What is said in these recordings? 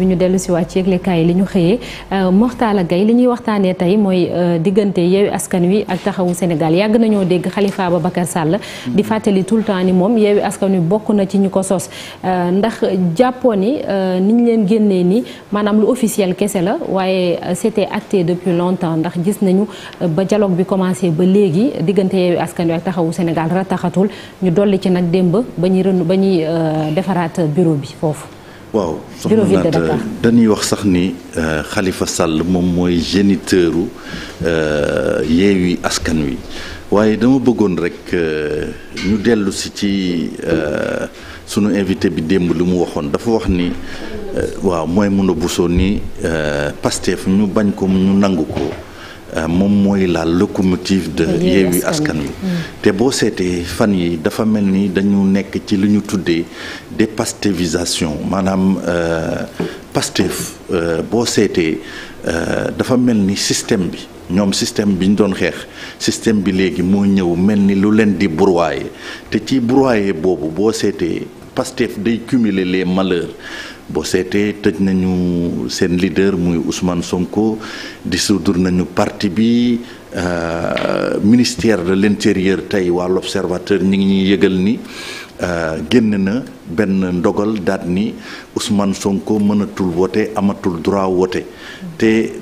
bi ñu dellu si ci yëglekaay yi li ñu xëyee euh, Mortala Gaye li ñuy waxtaanee tey mooy euh, diggante Yewwi Askan Wi ak Taxawu Sénégal yàgg nañoo dégg xalifa Khalifa Ababacar Sall di mm. fàttali tout le temps ni moom Yewwi Askan Wi bokk na ci ñu ko sos euh, ndax jàppoo ni ni ñu leen génnee ni maanaam lu officiel kese la waaye c'était acte depuis longtemps ndax gis nañu ba dialogue bi commencé ba léegi diggante Yewwi Askan Wi ak Taxawu Sénégal rataxatul ñu dolli ci nag démb ba ñuy ba ñuy defaraat bureau bi foofu waaw soxna naat dañuy wax sax ni xalifa euh, Sall moom mooy géniteur u euh, Yewwi Askan Wi waaye dama bëggoon rek euh, ñu dellu si ci sunu invité bi démb li mu waxoon dafa wax ni waaw mooy mun a busoo ni Pastef ñu bañ ko ñu nangu ko Euh, moom mooy la locomotive de Yewwi Askan Wi te boo seetee fan yi dafa mel ni dañu nekk ci lu ñu tuddee dépastevisation maanaam euh, Pastef euh, boo seetee dafa mel ni système bi ñoom système bi ñu doon xeex système bi léegi moo ñëw mel ni lu leen di broyer te ci broyer boobu boo seetee Pastef day cumuler les malheurs boo seetee tëj nañu seen leader muy Ousmane Sonko di dissoudre nañu parti bi euh, ministère de l'intérieur tey waa l'observateur ñi ngi ñuy yëgal ni euh, génn na benn ndogal daat ni Ousmane Sonko mënatul woote amatul droit woote te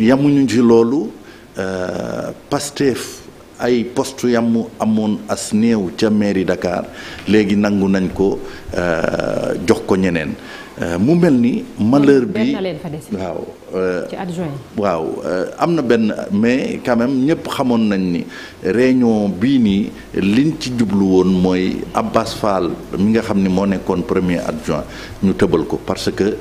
yamuñu ci loolu euh, Pastef ay postu yamu amoon as néew ca mairie Dakar léegi nangu nañ ko jox ko ñeneen euh, mu mel ni malheur bi waaw ci adjoint euh, waaw euh, am na benn mais quand même ñëpp xamoon nañ ni réunion bii nii liñ ci jublu woon mooy Abbas Fall mi nga xam ni moo nekkoon premier adjoint ñu tëbal ko parce que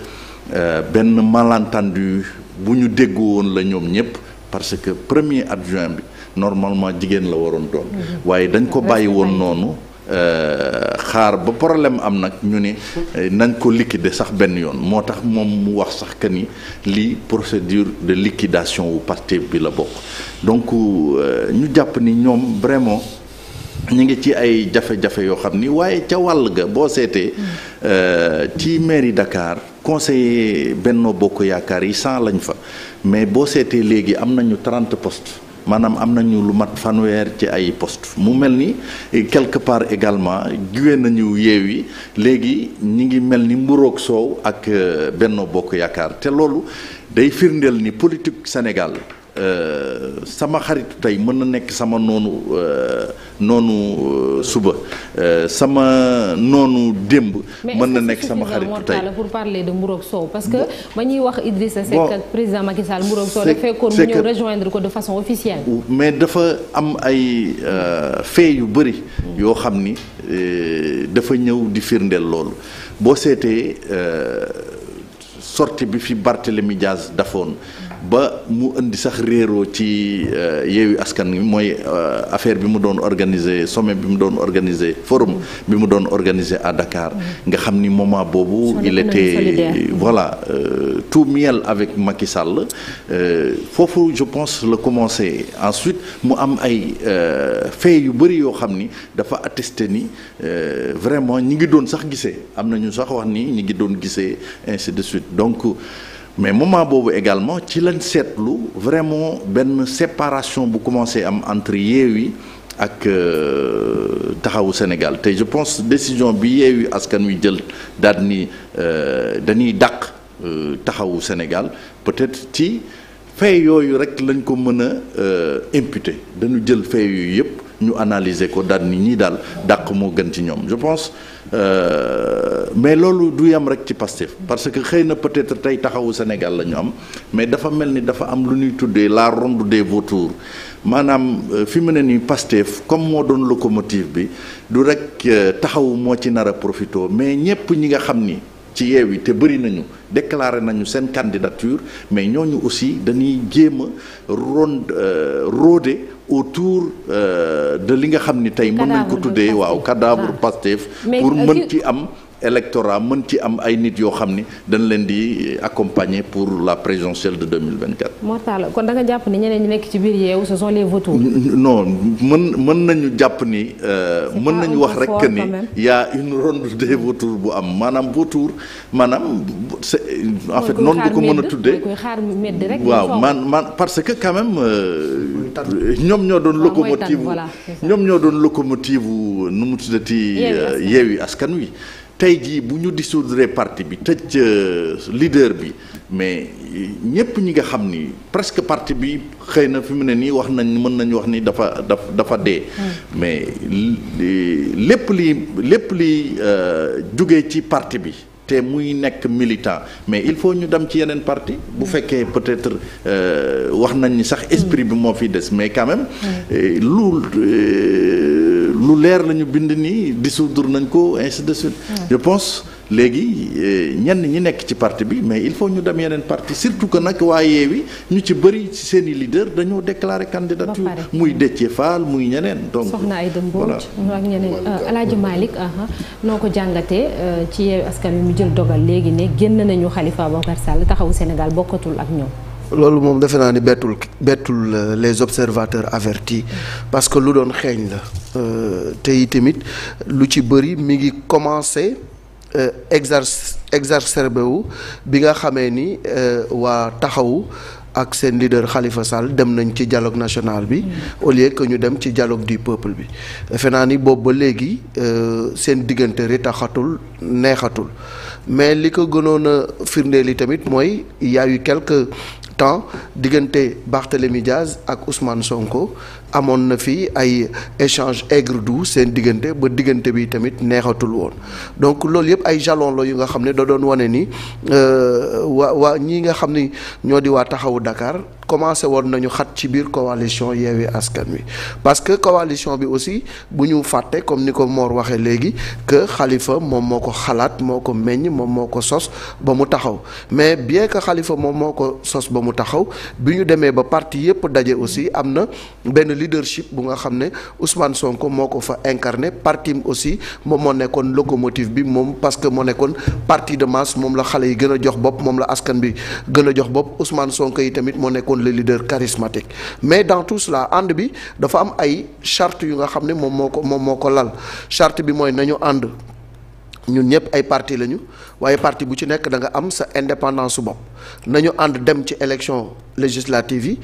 benn malentendu bu ñu dégg woon la ñoom ñëpp parce que premier adjoint bi normalement jigéen la waroon doon mhm. waaye dañ ko bàyyi woon noonu xaar ba problème am nag ñu ne eh, nañ ko liquider sax benn yoon moo tax moom mu wax sax que ni lii procédure de liquidation wu Pastef bi la bokk donc euh, ñu jàpp ni ñoom vraiment ñu ngi ci ay jafe-jafe yoo xam ni waaye ca wàll ga boo seetee mm. euh, ci mairie Dakar conseiller Benno Bokk Yaakaar yi sant lañ fa mais boo seetee léegi am nañu trente post maanaam am nañu lu mat fanweer ci ay post mu mel ni quelque part également giwee nañu yeew yi léegi ñi ngi mel ni mburoog soow ak euh, benn Bokk Yaakaar te loolu day firndeel ni politique Sénégal Euh, sama xaritu tey mën na nekk sama noonu euh, noonu euh, suba sama noonu démb. mën na nekk sama xaritu tey mais pour parler de Mburoog Sow parce que ba ñuy wax Idrissa Seck ak président Macky Sall Mburoog Sow daf fekkoon mu ñëw rejoindre ko de façon officielle. mais dafa am ay fait yu bëri yoo xam ni dafa ñëw di firndeel loolu boo seetee sortie bi fi Barthélémy Diaz dafoon. ba mu indi sax réeroo ci euh, yeewi askan wi mooy euh, affaire bi mu doon organiser sommet bi mu doon organiser forum bi mu doon organiser à Dakar mm-hmm. nga xam ni moment boobu il était voilà euh, tout miel avec Macky Sall euh, foofu je pense la commencer ensuite mu am ay fait yu bëri yoo xam ni dafa attesté ni vraiment ñi ngi doon sax gisee am na ñu sax wax ni ñi ngi doon gisee ainsi de suite donc mais moment boobu également ci lañ seetlu vraiment benn séparation bu commencé am entre yi ak euh, taxawu Sénégal te je pense décision bi yi Askan Wi jël daal ni euh, dañuy dàq euh, taxawu Sénégal peut-être ci fay yooyu rek lañ ko mën a imputer dañu jël fay yooyu yëpp. ñu analyser ko daal ni ñii daal dàq moo gën ci ñoom je pense euh, mais loolu du yam rek ci Pastef parce que xëy na peut-être tey taxawu Sénégal la ñu am mais dafa mel ni dafa am lu ñuy tuddee la ronde des vautours maanaam euh, fi mu ne nii Pastef comme moo doon locomotive bi du rek euh, taxawu moo ci nar a profité mais ñëpp ñi nga xam ni. ci Yewwi te bëri nañu déclaré nañu seen candidature mais ñooñu aussi dañuy jéem a ron euh, rôder autour euh, de li nga xam ni tey mën nañ ko tuddee waaw cadavre ah. Pastef pour euh, mën ci am électorat mën ci am ay nit yoo xam ni dañ leen di accompagner pour la présidentielle de 2024. Mor Talla kon danga nga jàpp ni ñeneen ñi nekk ci biir yeewu ce sont les non mën mën nañu jàpp ni. Euh, mën nañu wax rek que ni y une ronde des vautours bu am maanaam vautour maanaam c'est en fait noonu nga ko mën a tuddee. waaw man man parce que quand même. Euh, ñoom ñoo doon ah, locomotive ñoom ñoo doon locomotive nu mu tuddati. yeewi euh, askan wi. tey jii bu ñu dissoudre parti bi tëj euh, leader bi mais ñépp ñi nga xam ni presque parti bi xëy na fi mu ne nii wax nañ mën nañu wax ni dafa daf dafa dee hmm. mais lépp li lépp li euh, jóge ci parti bi te muy nekk militant mais il faut ñu dem ci yeneen parti bu hmm. fekkee peut-être euh, wax nañ ni sax esprit bi moo fi des mais quand même hmm. lu lu leer la ñu bind nii dissoudre nañ ko ainsi de suite. Hmm. je pense léegi eh, ñenn ñi nekk ci parti bi mais il faut ñu dem yeneen parti surtout que nag waaye Yewwi ñu ci bëri ci seen i leader dañoo déclarer candidature. muy Déthié Fall muy ñeneen. donc soxna Aïda Mbodj ak ñeneen euh, Alaaji Malick noo ko jàngatee euh, ci Yewwi Askan Wi mu jël dogal léegi ne génn nañu Khalifa Ababacar Sall taxawu Sénégal bokkatul ak ñoom. loolu moom defe naa ni bettul bettul euh, les observateurs avertis parce que lu doon xeeñ la. Euh, tey tamit lu ci bëri mi ngi commencé euh, exer exacerbé wu bi nga xamee ni euh, waa taxawu ak seen leader xalifa Sall dem nañ ci dialogue national bi mm. au lieu que ñu dem ci dialogue du peuple bi defe naa ni boobu ba léegi seen diggante retaxatul neexatul mais li ko gënoon a firndeel yi tamit mooy y a temps diggante Barthélémy Diaz ak Ousmane Sonko amoon na fi ay échange aigre doux seen diggante ba diggante bi tamit neexatul woon donc loolu yëpp ay jalon la yu nga xam ne da doon wane ni euh, waa waa ñii nga xam ni ñoo di waa taxawu dakaar commencé woon nañu xat ci biir coalition Yewwi Askan Wi parce que coalition bi aussi bu ñu fàtte comme ni ko moor waxee léegi que xalifa moom moo ko xalaat moo ko meññ moom moo ko sos ba mu taxaw mais bien que Khalifa moom moo ko sos ba mu taxaw bi ñu demee ba parti yépp daje aussi am na benn leadership bu nga xam ne Ousmane Sonko moo ko fa incarné partim aussi moom moo nekkoon locomotive bi moom parce que moo nekkoon parti de masse moom la xale yi gën a jox bopp moom la askan bi gën a jox bopp Ousmane nekkoon le leader charismatique mais dans tout cela ànd bi dafa am ay charte yu nga xam ne moom moo ko moom moo ko lal charte bi mooy nañu ànd ñun ñëpp ay parti lañu waaye partie bu ci nekk da nga am sa indépendance su bopp nañu ànd dem ci élection législatives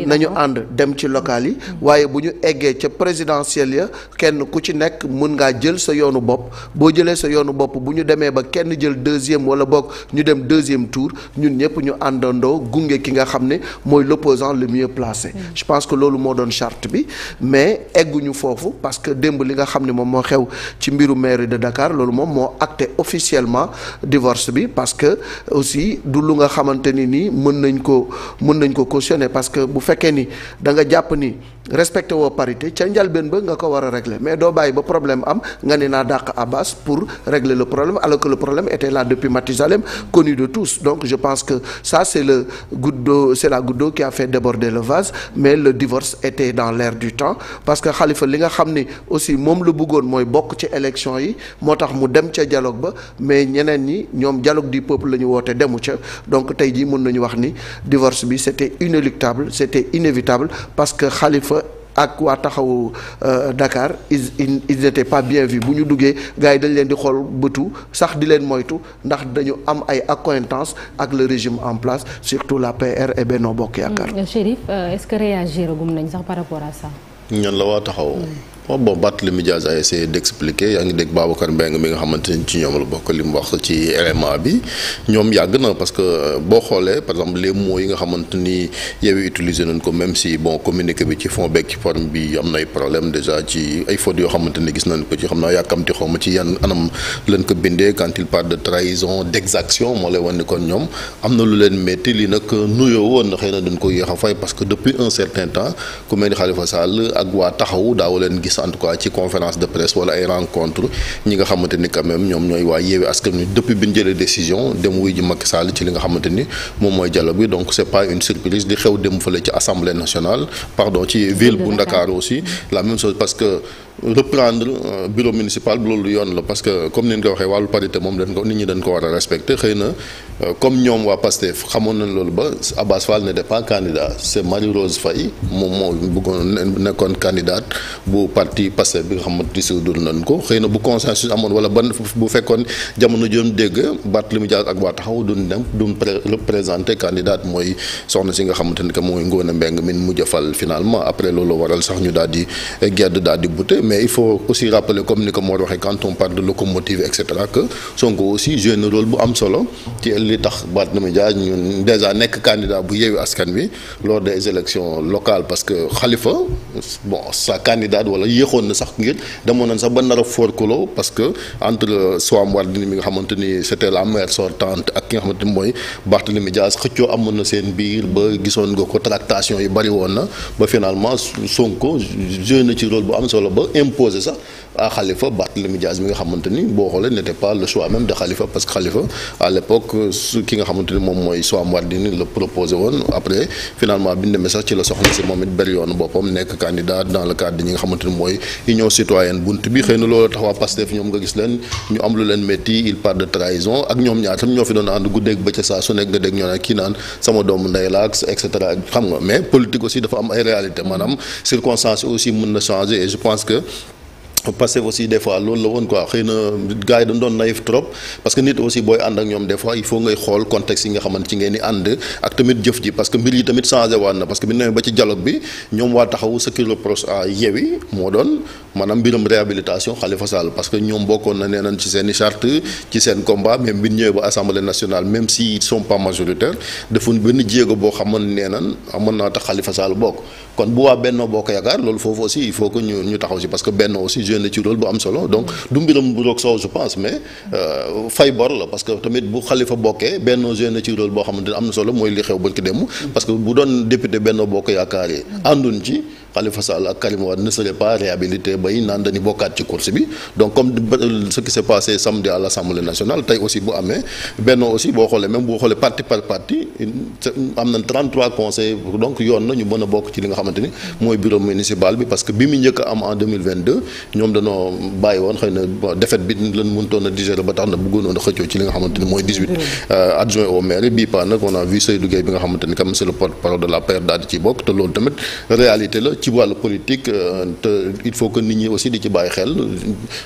yi nañu ànd dem ci local yi mm-hmm. waaye bu ñu eggee ca présidentielle ya kenn ku ci nekk mun ngaa jël sa yoonu bopp boo jëlee sa yoonu bopp bu ñu demee ba kenn jël deuxième wala boog ñu dem deuxième tour ñun ñëpp ñu àndandoo gunge ki nga xam ne mooy l'opposant le mieux placé mm-hmm. je pense que loolu moo doon charte bi mais egguñu foofu parce que démb li nga xam ne moom moo xew ci mbiru mairie de Dakar loolu moom moo acté officiellement divorce bi parce que aussi du lu nga xamante ni nii mën mën nañ ko cautionner parce que bu fekkee ni da nga jàpp ni respecté woo parité ca njalbeen ba nga ko war a régler mais doo bàyyi ba problème am nga ne naa dàq Abbas pour régler le problème alors que le problème était là depuis Mathusalem connu de tous donc je pense que ça c'est le goutte d'eau c'est la goutte d'eau qui a fait déborder le vase mais le divorce était dans l'air du temps parce que Khalifa li nga xam ni aussi moom la bëggoon mooy bokk ci élection yi moo tax mu dem ca dialogue ba mais ñeneen ñi ñoom dialogue du peuple la ñu woote demu ca donc tey jii mën nañu wax ni divorce bi c'était inéluctable c'était inévitable ak waa taxawu euh, Dakar ils ils n'étaient pas bien vus bu ñu duggee gars yi dañ leen di xool bëtu sax di leen moytu ndax dañu am ay accointances ak le régime en place surtout la PR et Benno Bokk Yaakaar. Mmh. Chérif euh, est-ce que réagir gum nañ sax par rapport à ça. ñan la waa taxaw. Mmh. bon bon Barthélémy Diaz a essayé d'expliquer yaa ngi dégg Babacar Mbengue mi nga xamante ni ci ñoom la bokk li wax ci élément bi ñoom yàgg na parce que euh, boo xoolee par exemple les mots yi nga xamante ni utiliser nañ ko même si bon communiqué bi ci fond beeg ci forme bi am na ay problème déjà gis nañ ko ci xam naa yàkkamti xaw ma ci yan anam lañ ko bindee quand il de trahison d'exaction moo lay wan kon ñoom am na lu leen métti li nag nuyoo woon na xëy na ko yéex fay parce que depuis un certain gis en tout cas ci conférence de presse wala ay rencontre ñi nga xamante ni ñoom ñooy waa yeewee askan wi depuis bi ñu jëlee décision dem wuy ji Macky Sall ci li nga xamante moom mooy dialogue bi donc c'est pas une surprise li xew dem fële ci assemblée nationale pardon ci ville bu Ndakaar aussi la même chose parce que reprendre euh, bureau municipal bi loolu yoon la parce que comme ni ñu ko waxee wàllu parité moom dañ ko nit ñi dañ ko war a xëy na euh, comme ñoom waa PASTEF xamoon nañ loolu ba Abbas Fall n'était pas candidat c' est Marie Rose Faye moom moo bëggoon nekkoon candidate bu parti PASTEF bi nga xam ne dissoudre nañ ko xëy bu consensus amoon wala ban bu fekkoon jamono joom dégg Barthélémy Dias ak waa si nga xamante ni que mooy Ngone Mbengue min mujj a fal finalement après loolu waral sax ñu daal gedd daal di mais il faut aussi rappeler comme ni ko Mor waxee quand on de locomotive et cetera que Sonko aussi joué na rôle bu am solo ci li tax Barthélémy Dias ñun déjà nekk candidat bu yeewu askan wi lors des élections locale parce que xalifa bon sa candidate wala yéexoon na sax ngir demoon nañ sax ba nar a forkuloo parce que entre Soham Wardini mi nga xamante ni c'était la maire tent ak ki nga xamante ni mooy Barthélémy Dias xëccoo amoon na seen biir ba gisoon nga ko tractation yi bari woon na ba finalement Sonko joué na bu am solo ba. imposer sax à Khalifa Barthélémy Dias mi nga xamante boo xoolee n'était pas le choix même de Khalifa parce que à l'époque ki nga xamante moom mooy Soham Wardini la proposé woon après finalement bi ñu sax ci la soxna si moom it bari boppam nekk candidat dans le cadre ñi nga xamante ni mooy union citoyenne bunt bi xëy na loolu tax waa Pastef ñoom nga gis leen ñu am lu leen métti il part de trahison ak ñoom ñaar tam ñoo fi doon ànd Euh, Pastef aussi des fois loolu la woon quoi xëy na gars yi dañ doon naïf trop parce que nit aussi booy ànd ak ñoom des fois il faut ngay xool contexte yi nga xamante ci ngeen di ànd ak tamit jëf ji parce que mbir yi tamit changé waat na parce que bi ñu demee ba ci dialogue bi ñoom waa taxawu ce qui le proche à moo doon maanaam mbiram réhabilitation Khalifa Sall parce que ñoom bokkoon na nee nañ ci seen i charte ci seen combat même bi ñëwee ba assemblée nationale même si ils pas majoritaires defuñ benn jéego boo xamoon nee nañ naa tax Khalifa Sall bokk kon bu waa Benno Bokk foofu aussi ñu ñu taxaw si parce que Benno aussi joué na ci rôle bu am solo donc du mbiram bu soow je pense mais euh, fay bor parce que tamit bu xalifa bokkee Benno joué ci rôle boo xam ne am na solo mooy li xew bañ ko dem parce que bu doon député Benno Bokk Yaakaar yi ànduñ ci sa Sall ak Karim Wade ne seraient pas réhabilités bay naan dañu bokkaat ci course bi donc comme euh, ce qui s'est passé samedi à l'Assemblée nationale tey aussi bu amee Benno aussi boo xoolee même boo xoolee parti par parti am na 33 conseils donc yoon na ñu mën a bokk ci li nga xamante mooy bureau municipal bi parce bi mu mm. euh, nag on a vu Seydou Gueye bi nga xamante ni c'est le porte-parole de la paire daal ci bokk te loolu tamit réalité ci wàllu politique euh, te il faut que nit ñi aussi di ci bàyyi xel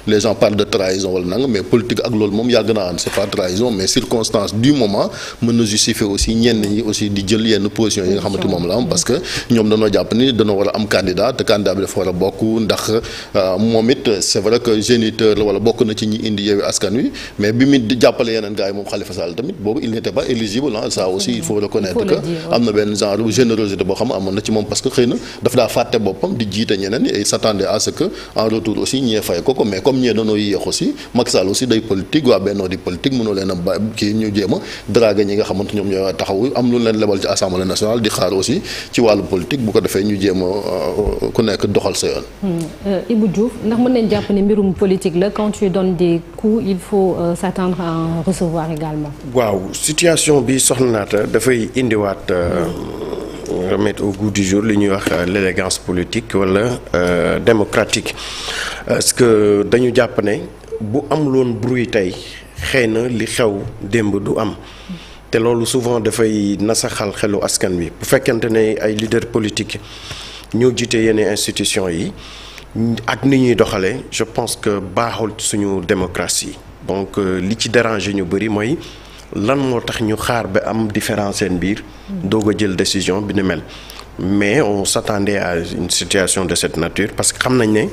les gens parlent de trahison wala nanga mais politique ak loolu moom yàgg naa am c'est pas trahison mais circonstance du moment mën na justifier aussi ñenn ñi aussi di jël yenn position yi nga xamante moom la am parce que ñoom dañoo jàpp ni dañoo war a am candidat te candidat bi dafa war a bokk ndax euh, moom it c'est vrai que géniteur la wala bokk na ci ñi indi yeewi askan wi mais bi mu jàppale yeneen gars yi moom Khalifa na moom parce que xëy na atte boppam di jiite ñeneen et s'attendait à que en retour aussi ñee fay ko ko mais comme ñee dañoo yéex aussi Macky aussi day politique waa Benno di politique mënoo leen a kii ñu jéem a ñi nga xamante ñoom ñoo taxawu am lu leen lebal ci assemblée nationale di xaar aussi ci wàllu politique bu ko defee ñu jéem a euh, ku nekk doxal sa yoon. Hmm, euh, Ibou Diouf ndax mën nañ jàpp ne mbirum politique la quand tu donnes des coups il faut euh, s'attendre en recevoir également. waaw situation remettre au goût du jour li ñuy wax euh, l'élégance politique wala euh, démocratique parce que dañu jàpp ne bu am loon bruit tey xëy na li xew démb du am te loolu souvent dafay nasaxal xelu askan wi bu fekkente ne ay leader politique ñoo jiite yenn institution yi ak ni ñuy doxalee je pense que baaxul suñu démocratie donc euh, li ci déranger ñu bëri mooy lan moo tax ñu xaar ba am différence seen biir doog a jël décision bi ni mel mais on s'attendait à une situation de cette nature parce que xam nañ ne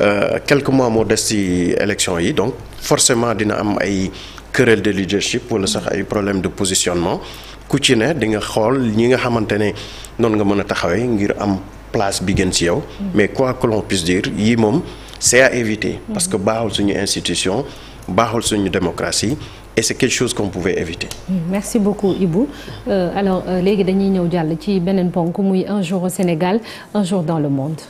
euh, quelque mois moo des ci élection yi donc forcément dina am ay querelle de leadership wala sax ay problème de positionnement ku ci ne di xool ñi nga xamante ne noonu nga mën a taxawee ngir am place bi gën ci yow mais quoi que l'on puisse yi moom c'est à éviter parce que baaxul suñu institution baaxul suñu démocratie et c'est quelque chose qu'on pouvait éviter. Mm, merci beaucoup Ibou euh, alors euh, léegi dañuy ñëw jàll ci beneen ponk muy un jour au Sénégal un jour dans le monde.